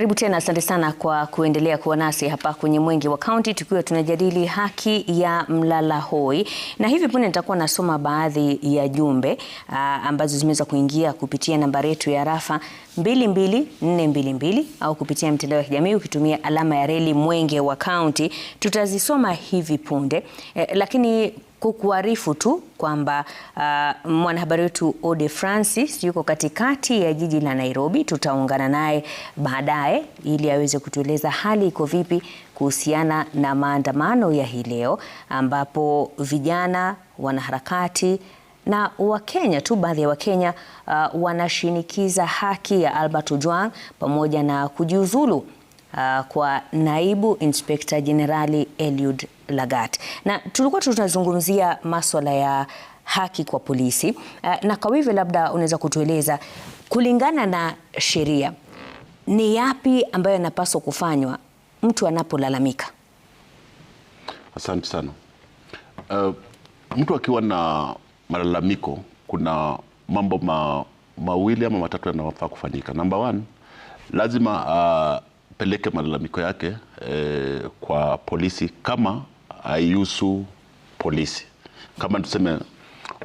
Karibu tena, asante sana kwa kuendelea kuwa nasi hapa kwenye Mwenge wa Kaunti tukiwa tunajadili haki ya mlala hoi, na hivi punde nitakuwa nasoma baadhi ya jumbe uh, ambazo zimeweza kuingia kupitia nambari yetu ya rafa 22422 au kupitia mtandao wa kijamii ukitumia alama ya reli Mwenge wa Kaunti, tutazisoma hivi punde eh, lakini kukuarifu tu kwamba uh, mwanahabari wetu Ode Francis yuko katikati ya jiji la Nairobi. Tutaungana naye baadaye ili aweze kutueleza hali iko vipi kuhusiana na maandamano ya hii leo, ambapo vijana, wanaharakati na Wakenya tu, baadhi ya Wakenya uh, wanashinikiza haki ya Albert Ojwang pamoja na kujiuzulu uh, kwa naibu inspekta jenerali Eliud Lagat, na tulikuwa tunazungumzia maswala ya haki kwa polisi uh, na kwa hivyo labda unaweza kutueleza kulingana na sheria ni yapi ambayo yanapaswa kufanywa mtu anapolalamika? Asante sana. Uh, mtu akiwa na malalamiko kuna mambo ma, mawili ama matatu yanayofaa kufanyika. Number one, lazima uh, apeleke malalamiko yake eh, kwa polisi kama aihusu polisi. Kama tuseme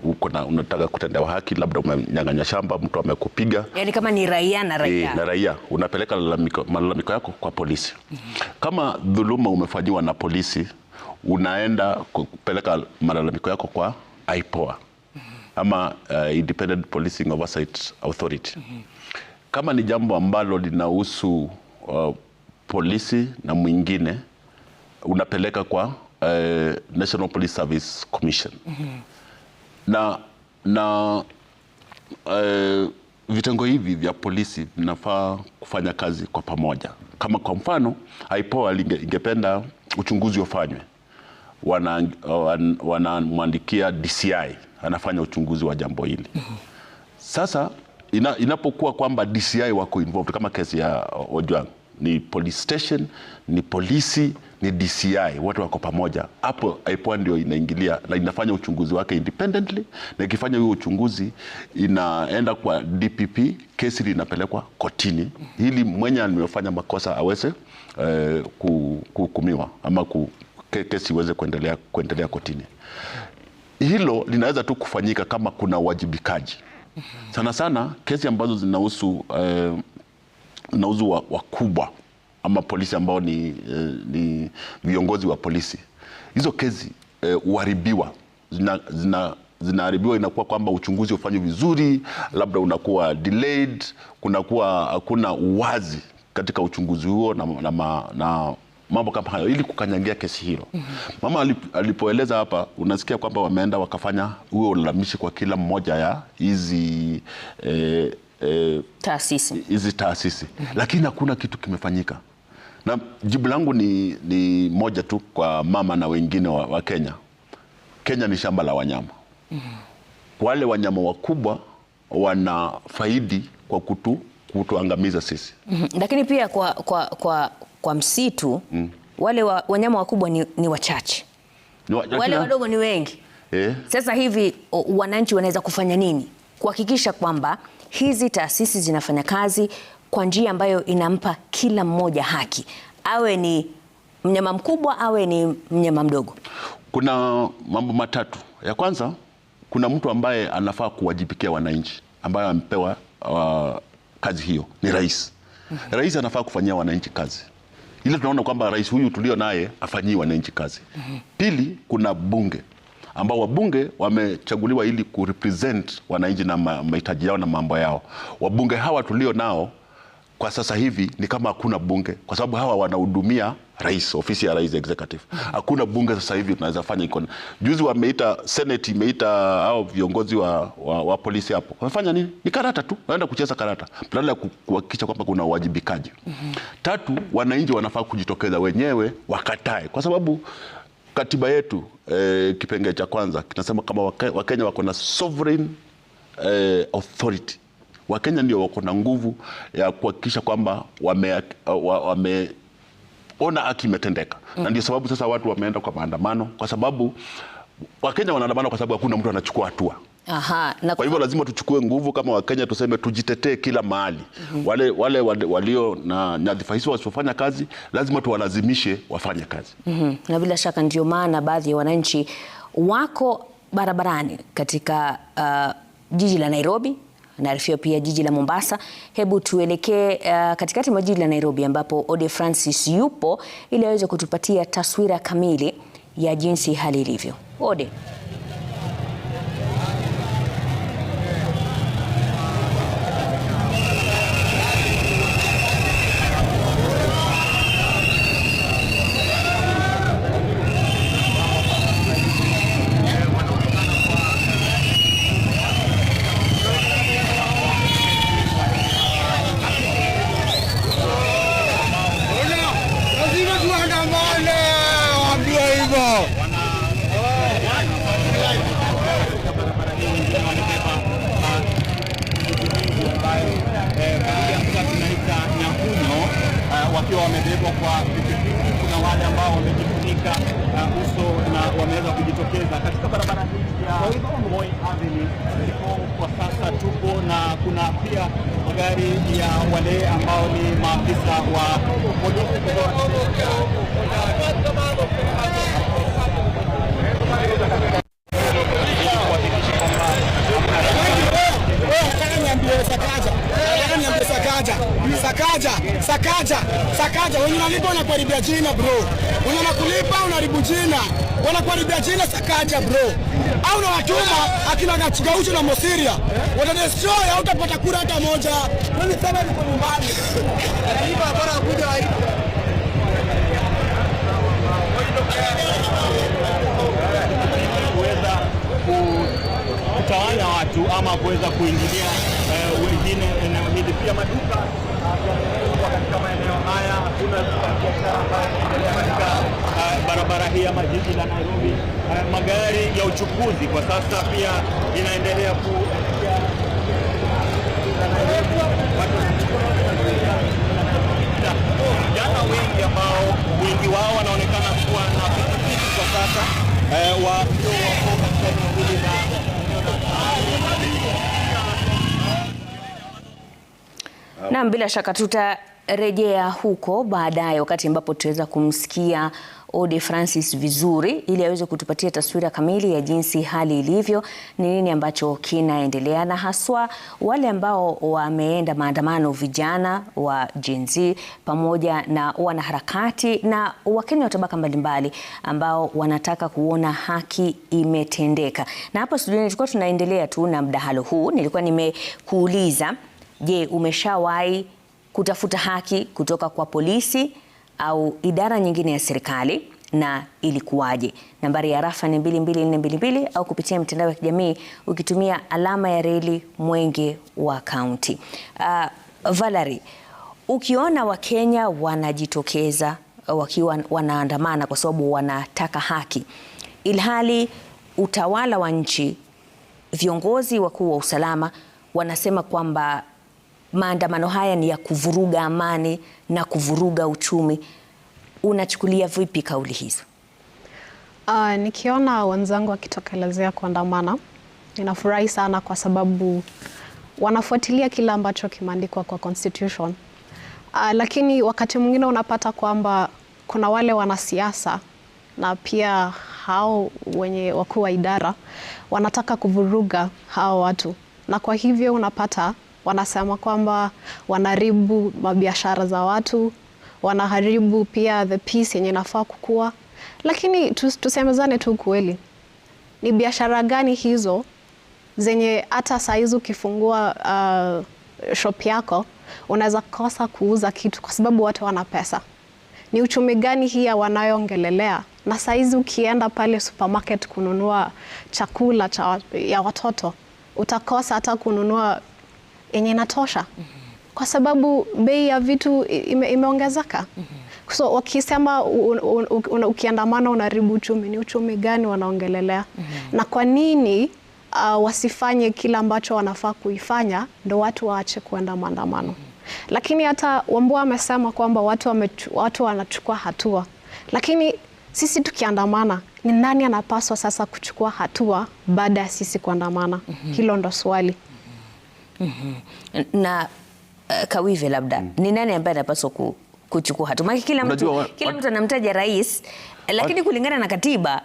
uko na unataka kutendewa haki, labda umenyang'anya shamba, mtu amekupiga, yani kama ni raia na raia e, na raia, unapeleka malalamiko yako kwa polisi mm -hmm. Kama dhuluma umefanyiwa na polisi, unaenda kupeleka malalamiko yako kwa IPOA mhm. ama uh, Independent Policing Oversight Authority mm -hmm. Kama ni jambo ambalo linahusu uh, polisi na mwingine unapeleka kwa uh, National Police Service Commission mm -hmm. na, na uh, vitengo hivi vya polisi vinafaa kufanya kazi kwa pamoja. Kama kwa mfano IPOA ingependa uchunguzi ufanywe, wanamwandikia wana DCI anafanya uchunguzi wa jambo hili. Mm-hmm. Sasa ina, inapokuwa kwamba DCI wako involved kama kesi ya Ojwang ni police station, ni polisi, ni DCI, watu wako pamoja hapo. IPOA ndio inaingilia na inafanya uchunguzi wake independently, na ikifanya huo uchunguzi inaenda kwa DPP, kesi linapelekwa kotini ili mwenye aliyofanya makosa aweze eh, kuhukumiwa ama ku, kesi iweze kuendelea, kuendelea kotini. Hilo linaweza tu kufanyika kama kuna uwajibikaji sana sana kesi ambazo zinahusu eh, nauzu wakubwa ama polisi ambao ni, eh, ni viongozi wa polisi. Hizo kesi huharibiwa eh, zina, zina zinaharibiwa inakuwa kwamba uchunguzi ufanywe vizuri, labda unakuwa delayed, kunakuwa hakuna uwazi katika uchunguzi huo na, na, na, na mambo kama hayo, ili kukanyangia kesi hilo. mm -hmm. Mama alipoeleza hapa, unasikia kwamba wameenda wakafanya huo ulalamishi kwa kila mmoja ya hizi eh, hizi eh, taasisi, Mm -hmm. Lakini hakuna kitu kimefanyika, na jibu langu ni, ni moja tu kwa mama na wengine wa, wa Kenya. Kenya ni shamba la wanyama mm -hmm. Wale wanyama wakubwa wana faidi kwa kutu, kutuangamiza sisi mm -hmm. Lakini pia kwa, kwa, kwa, kwa msitu mm. Wale wa, wanyama wakubwa ni, ni wachache wa, wale wadogo ni wengi eh. Sasa hivi wananchi wanaweza kufanya nini kuhakikisha kwamba hizi taasisi zinafanya kazi kwa njia ambayo inampa kila mmoja haki, awe ni mnyama mkubwa, awe ni mnyama mdogo. Kuna mambo matatu. Ya kwanza, kuna mtu ambaye anafaa kuwajibikia wananchi, ambaye amepewa uh, kazi hiyo ni rais. mm -hmm. Rais anafaa kufanyia wananchi kazi ile tunaona kwamba rais huyu tulio naye afanyii wananchi kazi. mm -hmm. Pili, kuna bunge ambao wabunge wamechaguliwa ili kurepresent wananchi na mahitaji yao na mambo yao. Wabunge hawa tulio nao kwa sasa hivi ni kama hakuna bunge, kwa sababu hawa wanahudumia rais, ofisi ya rais executive. Hakuna bunge sasa hivi tunaweza fanya iko. Juzi wameita senate, imeita hao viongozi wa, wa, wa polisi hapo, wamefanya nini? Ni karata tu, wanaenda kucheza karata badala ya kuhakikisha kwamba kuna uwajibikaji. mm -hmm. Tatu, wananchi wanafaa kujitokeza wenyewe wakatae, kwa sababu Katiba yetu eh, kipengee cha kwanza kinasema kama Wakenya wako na sovereign eh, authority. Wakenya ndio wako na nguvu ya kuhakikisha kwamba wameona wame, haki imetendeka mm. na ndio sababu sasa watu wameenda kwa maandamano, kwa sababu Wakenya wanaandamana kwa sababu hakuna mtu anachukua hatua. Aha, na kwa hivyo lazima tuchukue nguvu kama Wakenya, tuseme tujitetee kila mahali. mm -hmm. Wale, wale walio na nyadhifa hizo wasiofanya kazi lazima tuwalazimishe wafanye kazi. mm -hmm. Na bila shaka ndio maana baadhi ya wananchi wako barabarani katika uh, jiji la Nairobi naarifiwa pia jiji la Mombasa. Hebu tuelekee uh, katikati mwa jiji la Nairobi ambapo Ode Francis yupo ili aweze kutupatia taswira kamili ya jinsi hali ilivyo. Ode. katika uh, uso na wameweza kujitokeza katika barabara hii ya Moi Avenue ndipo kwa sasa tupo, na kuna pia magari ya wale ambao ni maafisa wa polisi kuhakikisha kwamba Sakaja, Sakaja, Sakaja, wenye nalipa wanakuharibia jina bro, wenye nakulipa unaharibu jina, wanakuharibia jina Sakaja bro, au na watuma akina Gachigaucho na Mosiria wata destroy, au utapata kura hata moja. Mimi sema niko nyumbani kutawanya watu ama kuweza kuingilia eh, wengine eneo hili pia maduka katika maeneo haya. Hakuna biashara ambayo katika barabara hii ya majiji la Nairobi. Magari ya uchukuzi kwa sasa pia inaendelea kuelekea vijana wengi ambao wengi wao wanaonekana kuwa na pikipiki kwa sasa, wakiwa eh, wako na Naam, bila shaka tutarejea huko baadaye wakati ambapo tutaweza kumsikia Ode Francis vizuri ili aweze kutupatia taswira kamili ya jinsi hali ilivyo, ni nini ambacho kinaendelea, na haswa wale ambao wameenda maandamano, vijana wa Gen Z pamoja na wanaharakati na Wakenya wa tabaka mbalimbali ambao wanataka kuona haki imetendeka. Na hapo studioni tulikuwa tunaendelea tu na mdahalo huu, nilikuwa nimekuuliza Je, umeshawahi kutafuta haki kutoka kwa polisi au idara nyingine ya serikali na ilikuwaje? Nambari ya rafa ni 22422 au kupitia mtandao wa kijamii ukitumia alama ya reli Mwenge wa Kaunti. Uh, Valerie, ukiona Wakenya wanajitokeza wakiwa wanaandamana kwa sababu wanataka haki, ilhali utawala wa nchi, viongozi wakuu wa usalama wanasema kwamba maandamano haya ni ya kuvuruga amani na kuvuruga uchumi. Unachukulia vipi kauli hizo? Uh, nikiona wenzangu wakitokelezea kuandamana ninafurahi sana kwa sababu wanafuatilia kila ambacho kimeandikwa kwa constitution. Uh, lakini wakati mwingine unapata kwamba kuna wale wanasiasa na pia hao wenye wakuu wa idara wanataka kuvuruga hao watu, na kwa hivyo unapata wanasema kwamba wanaharibu mabiashara za watu, wanaharibu pia the peace yenye inafaa kukua. Lakini tusemezane tu kweli, ni biashara gani hizo zenye hata saizi ukifungua uh, shop yako unaweza kosa kuuza kitu kwa sababu watu wana pesa? Ni uchumi gani hiya wanayoongelelea? Na saizi ukienda pale supermarket kununua chakula cha, ya watoto utakosa hata kununua yenye inatosha mm -hmm. kwa sababu bei ya vitu ime, imeongezeka mm -hmm. so wakisema ukiandamana unaharibu uchumi, ni uchumi gani wanaongelelea? mm -hmm. na kwa nini uh, wasifanye kila ambacho wanafaa kuifanya ndo watu waache kuenda maandamano? mm -hmm. Lakini hata Wambua amesema kwamba watu, wame, watu wanachukua hatua, lakini sisi tukiandamana ni nani anapaswa sasa kuchukua hatua baada ya sisi kuandamana? mm -hmm. Hilo ndo swali. Mhm. na uh, Kawive labda mm. ni nani ambaye anapaswa ku, kuchukua hatua? Maana kila mtu kila mtu anamtaja rais, lakini kulingana na katiba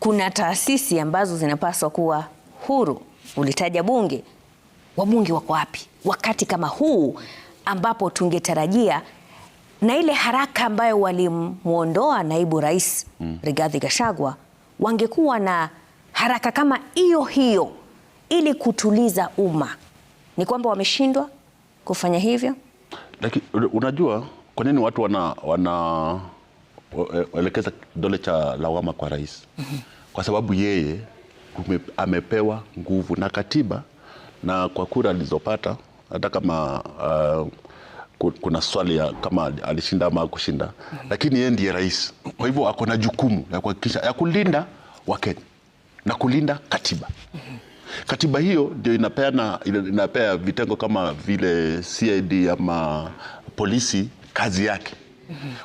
kuna taasisi ambazo zinapaswa kuwa huru. Ulitaja bunge, wabunge wako wapi wakati kama huu ambapo tungetarajia na ile haraka ambayo walimwondoa naibu rais mm. Rigathi Gachagua, wangekuwa na haraka kama hiyo hiyo ili kutuliza umma. Ni kwamba wameshindwa kufanya hivyo. Laki, unajua kwa nini watu wana eh, elekeza kidole cha lawama kwa rais? Mhm. Kwa sababu yeye ume, amepewa nguvu na katiba na kwa kura alizopata hata kama uh, kuna swali ya kama alishinda ama kushinda, mm -hmm. Lakini yeye ndiye rais, kwa hivyo ako na jukumu ya kuhakikisha ya kulinda Wakenya na kulinda katiba mm -hmm. Katiba hiyo ndio inapeana inapea vitengo kama vile CID ama polisi kazi yake.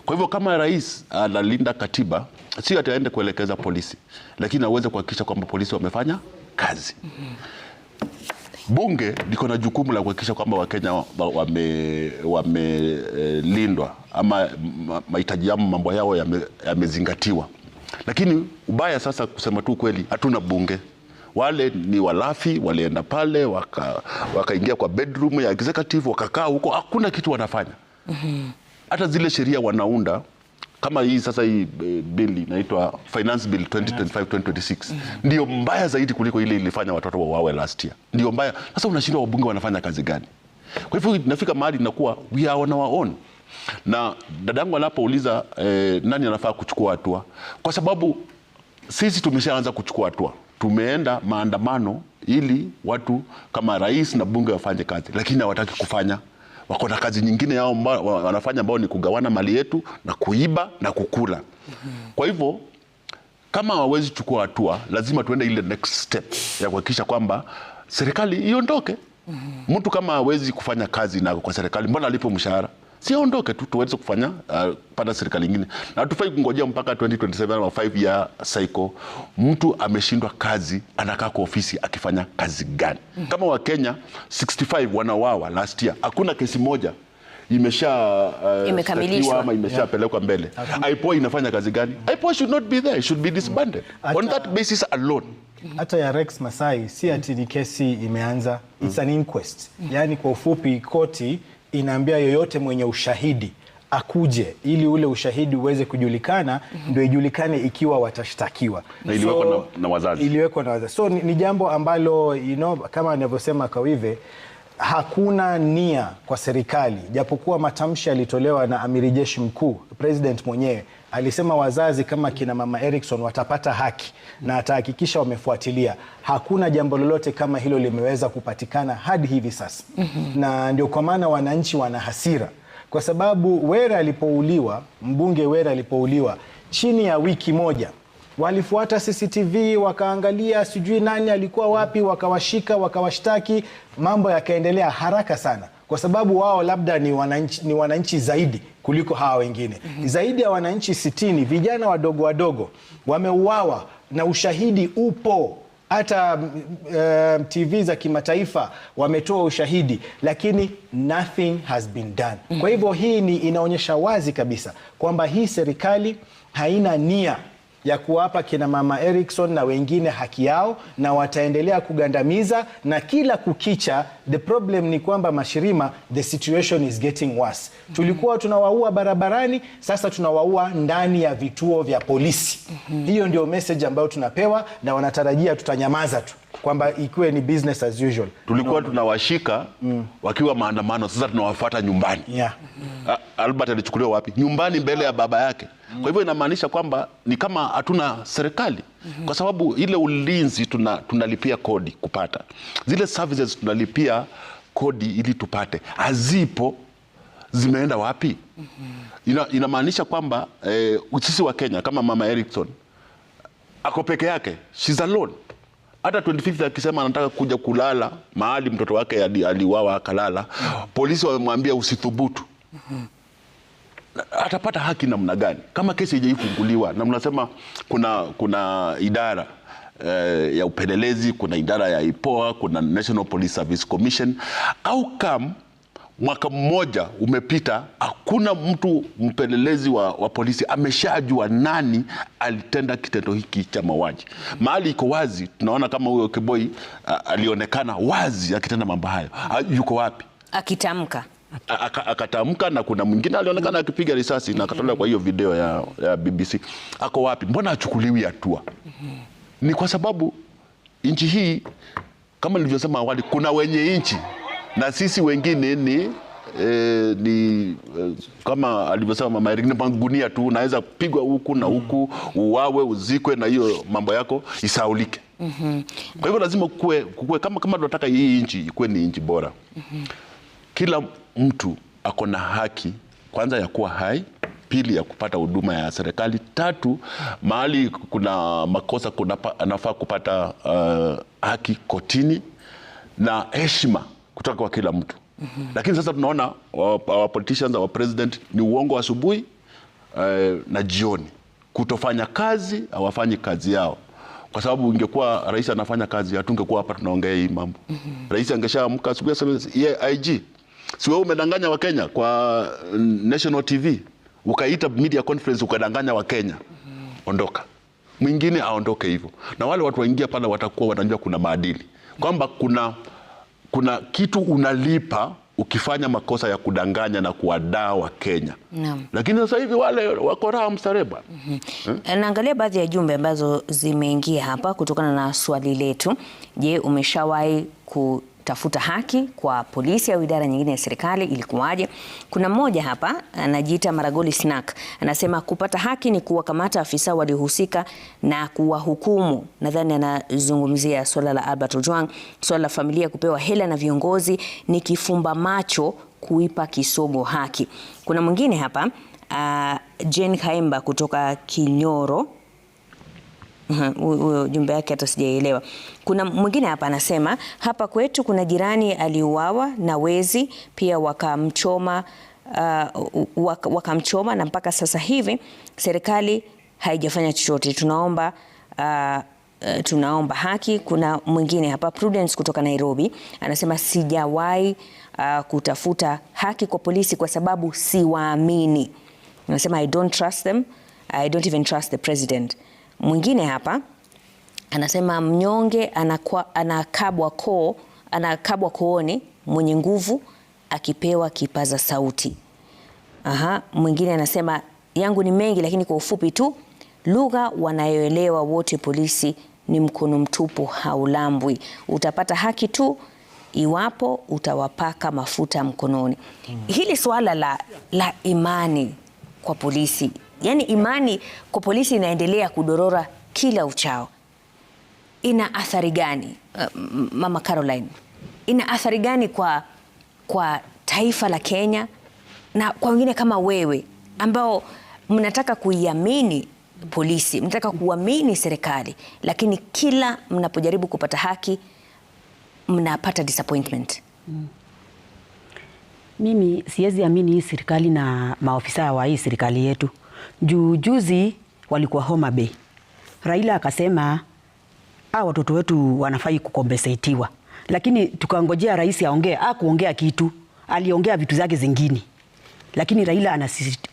Kwa hivyo kama rais analinda katiba, sio ataende kuelekeza polisi, lakini aweze kuhakikisha kwamba polisi wamefanya kazi. Bunge liko na jukumu la kuhakikisha kwamba Wakenya wamelindwa wame, e, ama mahitaji yao mambo yao yamezingatiwa, lakini ubaya sasa, kusema tu kweli, hatuna bunge. Wale ni walafi, walienda pale wakaingia waka kwa bedroom ya executive wakakaa huko, hakuna kitu wanafanya mhm. hata mm -hmm. zile sheria wanaunda kama hii sasa hii e, bill inaitwa finance bill 2025 2026 mm-hmm. ndio mbaya zaidi kuliko ile ilifanya watoto wa wawe last year, ndio mbaya sasa. Unashindwa wabunge wanafanya kazi gani? Kwa hivyo nafika mahali inakuwa we are on our own, na dadangu anapouliza eh, nani anafaa kuchukua hatua, kwa sababu sisi tumeshaanza kuchukua hatua, tumeenda maandamano ili watu kama rais na bunge wafanye kazi, lakini hawataki kufanya. Wako na kazi nyingine yao mba, wanafanya ambao ni kugawana mali yetu na kuiba na kukula. Kwa hivyo kama hawawezi chukua hatua, lazima tuende ile next step ya kuhakikisha kwamba serikali iondoke. Mtu kama hawezi kufanya kazi na kwa serikali, mbona alipo mshahara? si aondoke tu tuweze kufanya uh, pata serikali ingine na tufai kungojea mpaka 2027 ama 5 year cycle. Mtu ameshindwa kazi anakaa kwa ofisi akifanya kazi gani? mm. Kama wa kenya 65 wanawawa last year, hakuna kesi moja imesha uh, imekamilishwa ama imeshapelekwa yeah, mbele okay. IPOA inafanya kazi gani? mm. IPOA should not be there, should be disbanded Ata, on that basis alone. Hata ya Rex Masai si hmm. ati ni kesi imeanza, it's hmm. an inquest, hmm. yani kwa ufupi koti inaambia yoyote mwenye ushahidi akuje ili ule ushahidi uweze kujulikana, mm -hmm. Ndio ijulikane ikiwa watashtakiwa na iliwekwa so, na, na wazazi iliwekwa na wazazi so ni, ni jambo ambalo you know, kama anavyosema Kawive hakuna nia kwa serikali, japokuwa matamshi yalitolewa na amiri jeshi mkuu president mwenyewe Alisema wazazi kama kina mama Erickson watapata haki na atahakikisha wamefuatilia. Hakuna jambo lolote kama hilo limeweza kupatikana hadi hivi sasa, mhm. na ndio kwa maana wananchi wana hasira, kwa sababu Wera alipouliwa, mbunge Wera alipouliwa, chini ya wiki moja walifuata CCTV wakaangalia, sijui nani alikuwa wapi, wakawashika, wakawashtaki, mambo yakaendelea haraka sana kwa sababu wao labda ni wananchi, ni wananchi zaidi kuliko hawa wengine. mm -hmm. Zaidi ya wananchi sitini vijana wadogo wadogo wameuawa na ushahidi upo hata uh, eh, TV za kimataifa wametoa ushahidi, lakini nothing has been done. Mhm. Kwa hivyo hii ni inaonyesha wazi kabisa kwamba hii serikali haina nia ya kuwapa kina mama Erickson na wengine haki yao, na wataendelea kugandamiza na kila kukicha. The problem ni kwamba mashirima, the situation is getting worse. Mm -hmm. Tulikuwa mm-hmm. tunawaua barabarani, sasa tunawaua ndani ya vituo vya polisi. Mm -hmm. Hiyo ndio message ambayo tunapewa na wanatarajia tutanyamaza tu kwamba ikiwe ni business as usual. Tulikuwa no. tunawashika mm. wakiwa maandamano, sasa tunawafuata nyumbani yeah. mm. Albert alichukuliwa wapi? Nyumbani, mbele ya baba yake mm. Kwa hivyo inamaanisha kwamba ni kama hatuna serikali mm -hmm. kwa sababu ile ulinzi tuna, tunalipia kodi kupata zile services, tunalipia kodi ili tupate, hazipo zimeenda wapi? mm -hmm. Ina, inamaanisha kwamba eh, sisi wa Kenya kama mama Erickson ako peke yake, she's alone hata 25 akisema anataka kuja kulala mahali mtoto wake aliwawa akalala, polisi wamemwambia usithubutu, atapata haki namna gani kama kesi haijafunguliwa? Na mnasema kuna, kuna idara eh, ya upelelezi, kuna idara ya IPOA, kuna National Police Service Commission au kam mwaka mmoja umepita, hakuna mtu mpelelezi wa, wa polisi ameshajua nani alitenda kitendo hiki cha mauaji. Mahali iko wazi, tunaona kama huyo Kiboi alionekana wazi akitenda mambo hayo. Yuko wapi? Akitamka akatamka na kuna mwingine alionekana akipiga risasi na akatolewa kwa hiyo video ya, ya BBC. Ako wapi? Mbona achukuliwi hatua? Ni kwa sababu nchi hii kama nilivyosema awali, kuna wenye nchi na sisi wengine ni E, ni e, kama alivyosema mama Irene, gunia tu unaweza kupigwa huku na huku, uwawe, uzikwe na hiyo mambo yako isaulike. mm -hmm. Kwa hivyo lazima kukue, kukue, kama kama tunataka hii nchi ikuwe ni nchi bora. mm -hmm. Kila mtu ako na haki kwanza ya kuwa hai, pili ya kupata huduma ya serikali, tatu mahali kuna makosa anafaa kupata uh, haki kotini na heshima kutoka kwa kila mtu mm -hmm. Lakini sasa tunaona wa politicians wa president ni uongo asubuhi eh, na jioni, kutofanya kazi, hawafanyi kazi yao kwa sababu ingekuwa rais anafanya kazi hatungekuwa hapa tunaongea hii mambo mm -hmm. Rais angeshaamka asubuhi aseme yeah, IG, si wewe umedanganya Wakenya kwa eh, National TV ukaita media conference ukadanganya Wakenya mm -hmm. Ondoka, mwingine aondoke hivyo, na wale watu waingia pale watakuwa wanajua kuna maadili kwamba kuna kuna kitu unalipa ukifanya makosa ya kudanganya na kuwadaa Kenya Naam. Lakini sasa hivi wale wako raha msareba. mm -hmm. Eh? Naangalia baadhi ya jumbe ambazo zimeingia hapa kutokana na swali letu. Je, umeshawahi ku kutafuta haki kwa polisi au idara nyingine ya serikali ilikuwaje? Kuna mmoja hapa anajiita Maragoli Snack anasema kupata haki ni kuwakamata afisa waliohusika na kuwahukumu. Nadhani anazungumzia swala la Albert Ojwang. Swala la familia kupewa hela na viongozi ni kifumba macho kuipa kisogo haki. Kuna mwingine hapa uh, Jane Kaemba kutoka Kinyoro huyo jumbe yake hata sijaielewa. Kuna mwingine hapa anasema, hapa kwetu kuna jirani aliuawa na wezi pia wakamchoma, uh, wakamchoma na mpaka sasa hivi serikali haijafanya chochote. Tunaomba uh, Uh, tunaomba haki. Kuna mwingine hapa Prudence kutoka Nairobi anasema sijawahi uh, kutafuta haki kwa polisi kwa sababu siwaamini. Anasema I don't trust them, I don't even trust the president. Mwingine hapa anasema mnyonge anakabwa koo anakabwa kooni, mwenye nguvu akipewa kipaza sauti. Aha, mwingine anasema yangu ni mengi, lakini kwa ufupi tu, lugha wanayoelewa wote polisi ni mkono mtupu haulambwi. Utapata haki tu iwapo utawapaka mafuta mkononi. Hili suala la, la imani kwa polisi yani imani kwa polisi inaendelea kudorora kila uchao. Ina athari gani uh, Mama Caroline, ina athari gani kwa, kwa taifa la Kenya na kwa wengine kama wewe ambao mnataka kuiamini polisi, mnataka kuamini serikali, lakini kila mnapojaribu kupata haki mnapata disappointment mm. Mimi siwezi amini hii serikali na maofisa wa hii serikali yetu. Juu juzi walikuwa Homa Bay. Raila akasema a watoto wetu wanafai kukombesetiwa, lakini tukangojea rais aongee. Hakuongea kitu, aliongea vitu zake zingine, lakini Raila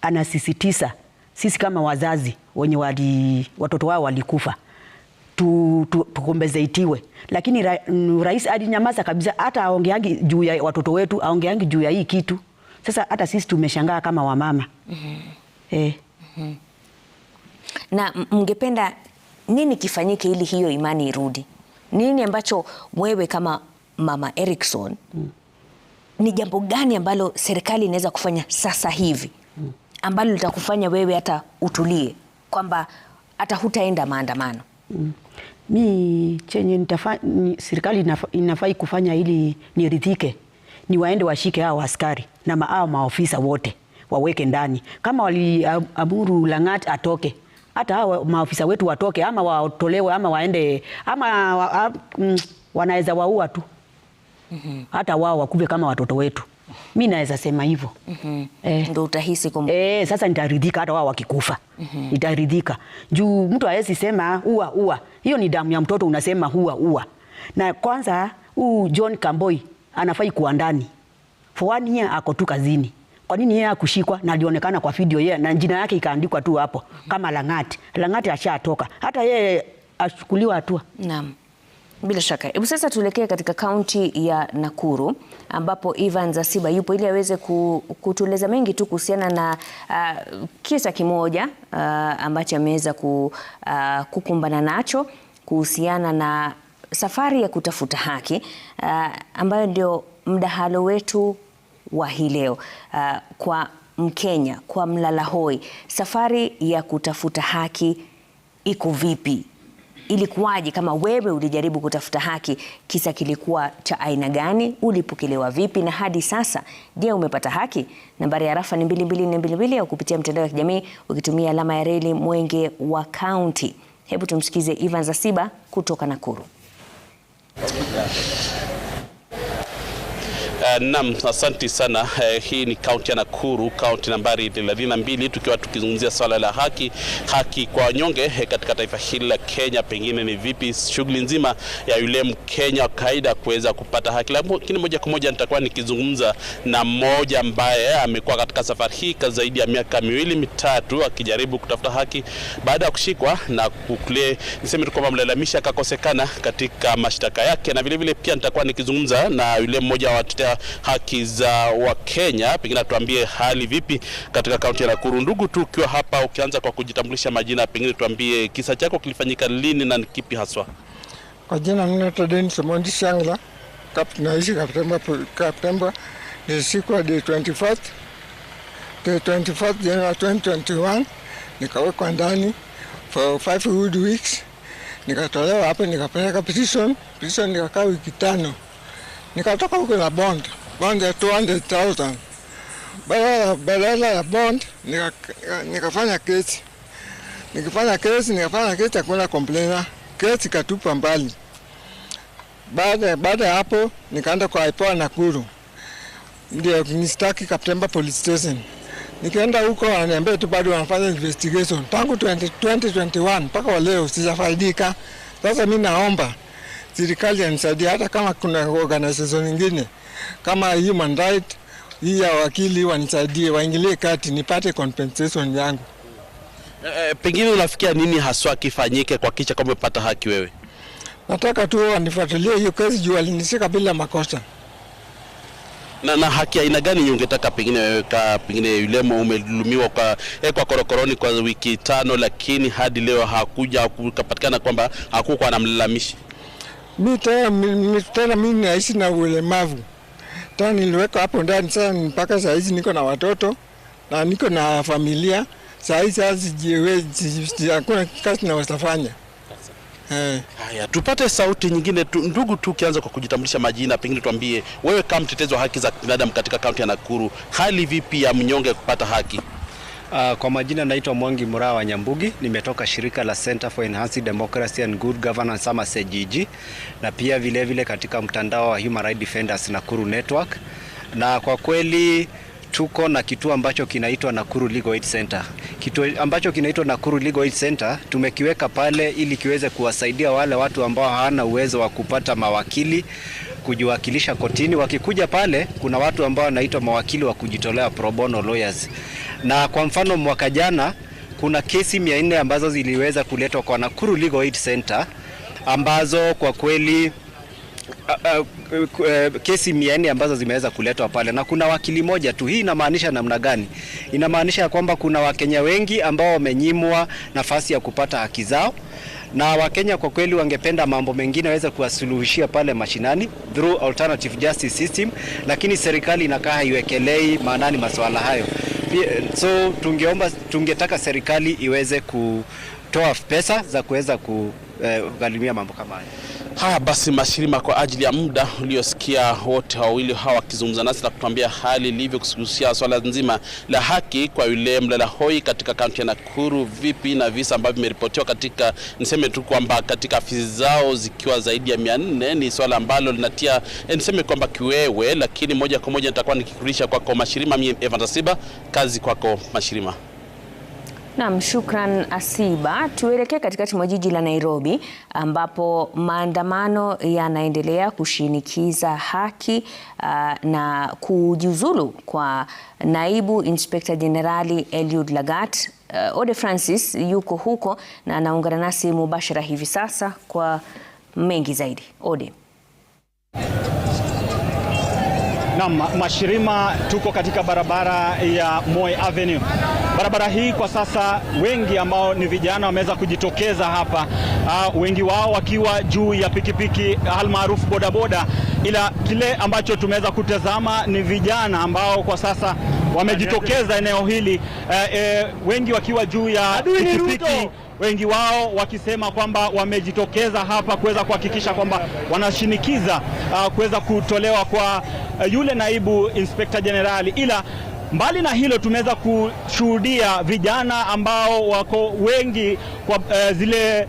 anasisitiza sisi kama wazazi wenye wali, watoto wao walikufa tu, tu, tukombezetiwe, lakini ra, mm, rais alinyamaza kabisa, hata aongeangi juu ya watoto wetu, aongeangi juu ya hii kitu. Sasa hata sisi tumeshangaa kama wamama mm -hmm. eh. Na mngependa nini kifanyike ili hiyo imani irudi? Nini ambacho wewe kama Mama Erikson mm. ni jambo gani ambalo serikali inaweza kufanya sasa hivi mm. ambalo litakufanya wewe hata utulie kwamba hata hutaenda maandamano mm. Mi chenye serikali inafai kufanya ili niridhike, ni waende washike hao askari na hao maofisa wote waweke ndani. Kama waliamuru Lang'at atoke, hata hawa maafisa wetu watoke, ama watolewe, ama waende, ama wa, mm, wanaweza waua tu mhm. hata wao wakuve kama watoto wetu. Mi naweza sema hivyo mhm. eh. ndo utahisi kum... eh, sasa nitaridhika hata wao wakikufa mhm. Nitaridhika juu mtu hawezi sema ua ua, hiyo ni damu ya mtoto, unasema ua ua. Na kwanza huu John Kamboi anafai kuwa ndani for one year, ako tu kazini kwa nini yeye akushikwa na alionekana kwa video yeye na jina yake ikaandikwa tu hapo kama Lang'ati. Lang'ati ashatoka, hata yeye achukuliwa hatua. Naam. Bila shaka. Hebu sasa tuelekee katika kaunti ya Nakuru ambapo Ivan Zasiba yupo ili aweze kutueleza mengi tu kuhusiana na uh, kisa kimoja uh, ambacho ameweza ku, uh, kukumbana nacho kuhusiana na safari ya kutafuta haki uh, ambayo ndio mdahalo wetu wa hii leo uh, kwa Mkenya, kwa mlala hoi, safari ya kutafuta haki iko vipi? Ilikuwaje? Kama wewe ulijaribu kutafuta haki, kisa kilikuwa cha aina gani? Ulipokelewa vipi? Na hadi sasa, je, umepata haki? Nambari ya rafa ni mbili, au kupitia mtandao wa kijamii ukitumia alama ya reli Mwenge wa Kaunti. Hebu tumsikize Evans Asiba kutoka Nakuru. Eh, naam, asante sana. eh, hii ni kaunti ya Nakuru, kaunti nambari 32, tukiwa tukizungumzia swala la haki, haki kwa wanyonge eh, katika taifa hili la Kenya. Pengine ni vipi shughuli nzima ya yule Mkenya wa kawaida kuweza kupata haki, lakini moja kwa moja nitakuwa nikizungumza na mmoja ambaye amekuwa katika safari hii kwa zaidi ya miaka miwili mitatu, akijaribu kutafuta haki baada ya kushikwa na kukule, niseme kwamba mlalamisha akakosekana katika mashtaka yake, na vilevile vile pia nitakuwa nikizungumza na yule mmoja wa watetea haki za Wakenya. Pengine tuambie hali vipi katika kaunti ya Nakuru. Ndugu tu ukiwa hapa, ukianza kwa kujitambulisha majina, pengine tuambie kisa chako kilifanyika lini na ni kipi haswa? Kwa jina naitwa Denis Mondi Shangla, naishi Kaptemba. Kaptemba Ni siku ya 24th, the 24th January 2021 nikawekwa ndani for five good weeks, nikatolewa hapo, nikapeleka prison. Prison nikakaa wiki tano nikatoka huko na bond bond ya 200,000 badala ya bond nikafanya kesi, nikifanya kesi, nikafanya kesi, hakuna complainer, kesi katupa mbali. Baada baada hapo nikaenda kwa IPOA Nakuru, ndio nistaki Kaptemba police station. nikaenda huko wananiambia tu bado wanafanya investigation tangu 2021 mpaka leo sijafaidika. Sasa mimi naomba serikali yanisaidia, hata kama kuna organization nyingine kama human right hii ya wakili wanisaidie, waingilie kati nipate compensation yangu. E, pengine unafikia nini haswa kifanyike kwa kicha kwamba umepata haki wewe? Nataka tu wanifuatilie hiyo kesi juu alinishika bila makosa. Na, na haki aina gani ungetaka pengine wewe ka pengine yule umelumiwa kwa eh, kwa korokoroni kwa wiki tano, lakini hadi leo hakuja kupatikana kwamba hakukuwa na mlalamishi Mi tena mi, tena mi naishi na ulemavu tena, niliwekwa hapo ndani sasa, mpaka saa hizi niko na watoto na niko na familia saa hizi, sasa hakuna kazi nawezafanya. Eh. Haya, tupate sauti nyingine tu, ndugu tu, ukianza kwa kujitambulisha majina, pengine tuambie wewe kama mtetezi wa haki za binadamu katika kaunti ya Nakuru, hali vipi ya mnyonge kupata haki? Uh, kwa majina naitwa Mwangi Muraa wa Nyambugi, nimetoka shirika la Center for Enhanced Democracy and Good Governance ama CGG, na pia vilevile vile katika mtandao wa Human Rights Defenders Nakuru Network, na kwa kweli tuko na kituo ambacho kinaitwa Nakuru Legal Aid Center. Kituo ambacho kinaitwa Nakuru Legal Aid Center tumekiweka pale ili kiweze kuwasaidia wale watu ambao hawana uwezo wa kupata mawakili kujiwakilisha kotini. Wakikuja pale, kuna watu ambao wanaitwa mawakili wa kujitolea pro bono lawyers, na kwa mfano mwaka jana kuna kesi 400 ambazo ziliweza kuletwa kwa Nakuru Legal Aid Center ambazo kwa kweli Uh, uh, uh, kesi mia ambazo zimeweza kuletwa pale na kuna wakili moja tu. Hii inamaanisha namna gani? Inamaanisha kwamba kuna Wakenya wengi ambao wamenyimwa nafasi ya kupata haki zao na Wakenya kwa kweli wangependa mambo mengine waweze kuwasuluhishia pale mashinani through alternative justice system, lakini serikali inakaa haiwekelei maanani masuala hayo. So tungeomba, tungetaka serikali iweze kutoa pesa za kuweza eh, kugharimia mambo kama haya. Haya basi, Mashirima, kwa ajili ya muda uliosikia wote wawili hawa wakizungumza nasi na kutuambia hali ilivyo kuhusia swala nzima la haki kwa yule mlala hoi katika kaunti ya Nakuru, vipi na visa ambavyo vimeripotiwa katika, niseme tu kwamba katika afisi zao zikiwa zaidi ya mia nne ni swala ambalo linatia eh, niseme kwamba kiwewe, lakini moja kwa moja nitakuwa nikikulisha kwako Mashirima. Mimi Evan Tasiba, kazi kwako Mashirima. Naam, shukran Asiba. Tuelekee katikati mwa jiji la Nairobi ambapo maandamano yanaendelea kushinikiza haki uh, na kujiuzulu kwa naibu inspekta jenerali Eliud Lagat. Uh, Ode Francis yuko huko na anaungana nasi mubashara hivi sasa kwa mengi zaidi. Ode. Na Mashirima, tuko katika barabara ya Moi Avenue. Barabara hii kwa sasa wengi ambao ni vijana wameweza kujitokeza hapa, uh, wengi wao wakiwa juu ya pikipiki almaarufu bodaboda, ila kile ambacho tumeweza kutazama ni vijana ambao kwa sasa wamejitokeza eneo hili, uh, uh, wengi wakiwa juu ya pikipiki wengi wao wakisema kwamba wamejitokeza hapa kuweza kuhakikisha kwamba wanashinikiza uh, kuweza kutolewa kwa uh, yule naibu inspekta jenerali ila mbali na hilo tumeweza kushuhudia vijana ambao wako wengi kwa uh, zile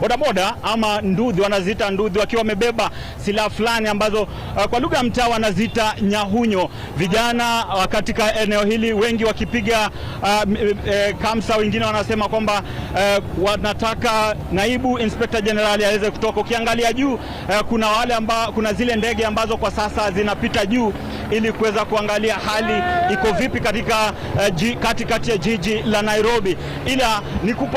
bodaboda ama ndudhi, wanaziita ndudhi, wakiwa wamebeba silaha fulani ambazo uh, kwa lugha ya mtaa wanaziita nyahunyo. Vijana uh, katika eneo hili wengi wakipiga uh, e, kamsa, wengine wanasema kwamba uh, wanataka naibu inspekta jenerali aweze kutoka. Ukiangalia juu uh, kuna wale amba, kuna zile ndege ambazo kwa sasa zinapita juu ili kuweza kuangalia hali iko vipi katika uh, ya jiji la Nairobi, ila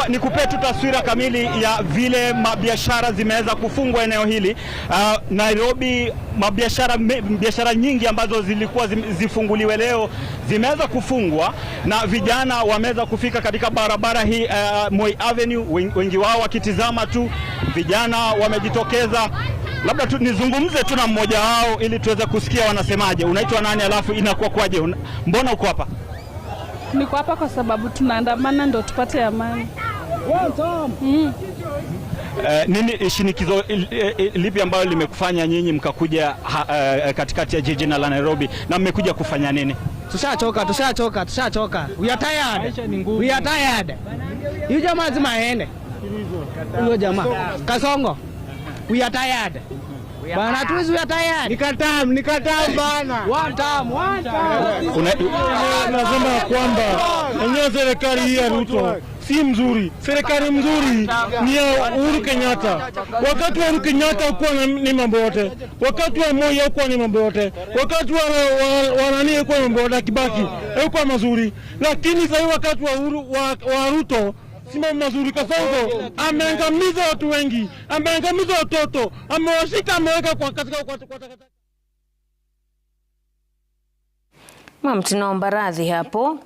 nikupe tu taswira kamili ya vile vile mabiashara zimeweza kufungwa eneo hili uh, Nairobi, mabiashara biashara nyingi ambazo zilikuwa zifunguliwe leo zimeweza kufungwa na vijana wameweza kufika katika barabara hii uh, Moi Avenue, wengi wao wakitizama tu, vijana wamejitokeza labda tu, nizungumze tu na mmoja wao ili tuweze kusikia wanasemaje. Unaitwa nani alafu inakuwa kwaje? mbona uko hapa? Niko hapa kwa sababu tunaandamana ndo tupate amani. Mm. Eh, nini shinikizo eh, eh, lipi ambalo limekufanya nyinyi mkakuja uh, katikati ya jiji la Nairobi na mmekuja kufanya nini? Tushachoka, tushachoka, tushachoka. We are tired. We are tired. Huyu jamaa lazima aende. Huyo jamaa Kasongo. We are tired. Bana tuizi ya tayari. Nikatam, nikatam bana. One time, one time. Unasema kwamba enyewe serikali hii ya Ruto si mzuri, serikali mzuri ni ya Uhuru Kenyatta. Wakati wa Uhuru Kenyatta hakuwa ni mambo yote, wakati wa Moi hakuwa ni mambo yote, wakati wa wanani hakuwa ni mambo yote, Kibaki hakuwa mazuri, lakini sasa wakati wa Uhuru wa, wa Ruto sima mazuri Kasongo ameangamiza watu wengi, ameangamiza watoto, amewashika, ameweka kwa katika kwa, kwa, kwa, kwa, Mam, tunaomba radhi hapo. Uh,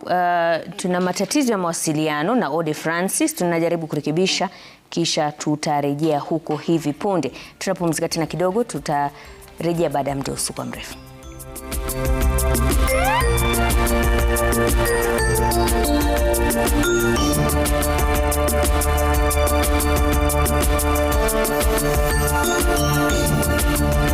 tuna matatizo ya mawasiliano na Ode Francis, tunajaribu kurekebisha, kisha tutarejea huko hivi punde. Tunapumzika tena kidogo, tutarejea baada ya muda usio mrefu.